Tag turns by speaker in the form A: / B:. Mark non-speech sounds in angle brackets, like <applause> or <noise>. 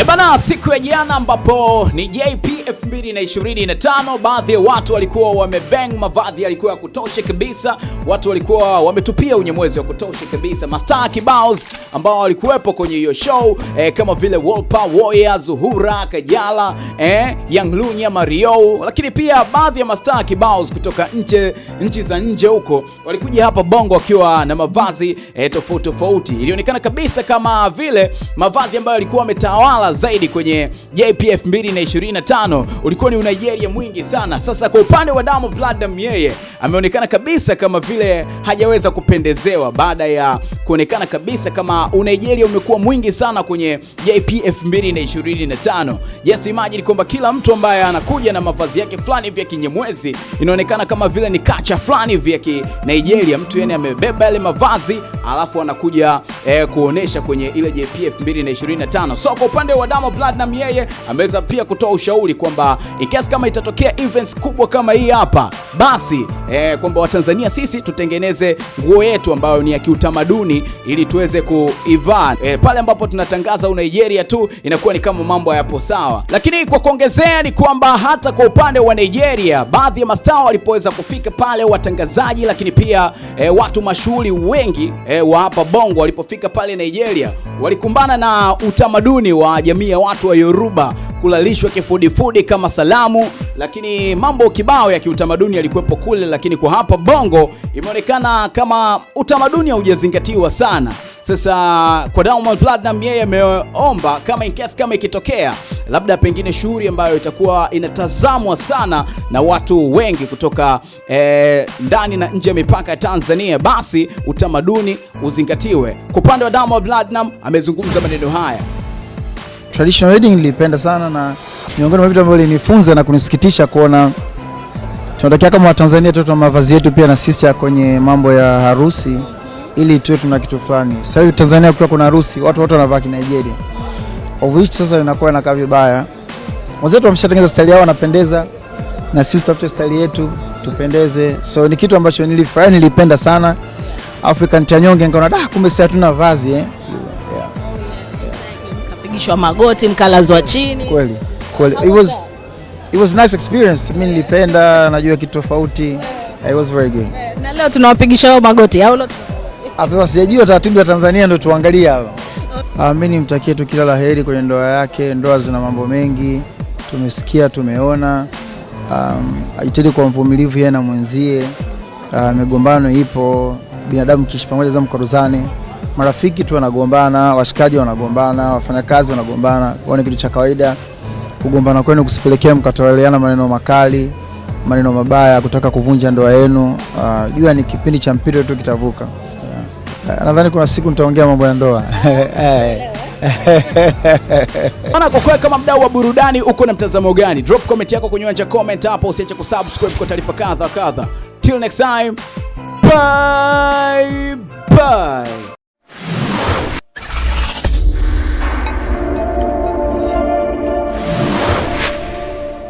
A: Ebana, siku ya jana ambapo ni JP 2025 baadhi ya watu walikuwa wamebang mavazi yalikuwa ya kutosha kabisa, watu walikuwa wametupia unyemwezi wa kutosha kabisa. Mastaa kibao ambao walikuwepo kwenye hiyo show eh, kama vile Wolpa, Woya, Zuhura, Kajala, eh, Young Lunya, Mario, lakini pia baadhi ya mastaa kibao kutoka nje nchi za nje huko walikuja hapa Bongo wakiwa na mavazi eh, tofauti tofauti. Ilionekana kabisa kama vile mavazi ambayo yalikuwa yametawala zaidi kwenye JPF 2025 ulikuwa ni Nigeria mwingi sana. Sasa kwa upande wa Diamond Platnumz, yeye ameonekana kabisa kama vile hajaweza kupendezewa baada ya kuonekana kabisa kama Nigeria umekuwa mwingi sana kwenye JPF 2025. Yes, imagine kwamba kila mtu ambaye anakuja na mavazi yake fulani vya kinyemwezi inaonekana kama vile ni kacha fulani vya ya Nigeria, mtu yani amebeba yale mavazi alafu anakuja e, kuonesha kwenye ile JPF 2025. So kwa upande wa Diamond Platnumz, yeye ameweza pia kutoa ushauri kwamba ikiasi kama itatokea events kubwa kama hii hapa, basi eh, kwamba Watanzania sisi tutengeneze nguo yetu ambayo ni ya kiutamaduni ili tuweze kuivaa. Eh, pale ambapo tunatangaza Nigeria tu inakuwa ni kama mambo hayapo sawa, lakini kwa kuongezea ni kwamba hata kwa upande wa Nigeria baadhi ya mastaa walipoweza kufika pale, watangazaji lakini pia eh, watu mashuhuri wengi eh, wa hapa Bongo walipofika pale Nigeria walikumbana na utamaduni wa jamii ya watu wa Yoruba kulalishwa kifudifudi kama salamu, lakini mambo kibao ya kiutamaduni yalikuwepo kule, lakini kwa hapa Bongo imeonekana kama utamaduni haujazingatiwa sana. Sasa kwa Diamond Platnumz yeye ameomba kama in case kama ikitokea labda pengine shughuli ambayo itakuwa inatazamwa sana na watu wengi kutoka eh, ndani eh, na nje ya mipaka ya Tanzania, basi utamaduni uzingatiwe. Kwa upande wa Diamond Platnumz amezungumza maneno haya
B: traditional wedding nilipenda sana, na miongoni mwa vitu ambavyo linifunza na kunisikitisha kuona tunatakia kama Watanzania tuwe tuna mavazi yetu pia na sisi ya kwenye mambo ya harusi, ili tuwe tuna kitu fulani. Sasa hivi Tanzania kwa kuna harusi, watu wote wanavaa Nigeria, of which sasa inakuwa inakaa vibaya. Wenzetu wameshatengeneza staili yao, wanapendeza, na sisi tutafute staili yetu tupendeze. So ni kitu ambacho nilifurahi, nilipenda sana. African cha nikaona da, kumbe sasa tuna vazi eh
C: Pigishwa magoti, mkalazwa chini.
B: Kweli. Kweli. It was it was nice experience. Mimi nilipenda, najua kitu tofauti. It was very good.
C: Eh, na leo tunawapigisha wao magoti au leo?
B: Ah, sasa sijajua taratibu ya Tanzania ndio tuangalie hapo. Ah, mimi nimtakie tu kila laheri kwenye ndoa yake. Ndoa zina mambo mengi, tumesikia, tumeona. Um, ajitahidi kwa mvumilivu yeye na mwenzie. Uh, migombano ipo, binadamu kishi pamoja za mkoruzani marafiki tu wanagombana, washikaji wanagombana, wafanyakazi wanagombana, kwa ni kitu cha kawaida. Kugombana kwenu kusipelekea mkatoeleana maneno makali, maneno mabaya, kutaka kuvunja ndoa yenu. Uh, jua ni kipindi cha mpito tu, kitavuka. Yeah. Nadhani kuna siku nitaongea mambo ya ndoa
A: <laughs> Ana kwa kweli kama mdau wa burudani uko na mtazamo gani? Drop comment yako kwenye uwanja comment hapo, usiache kusubscribe kwa taarifa kadha kadha. Till next time. Bye bye.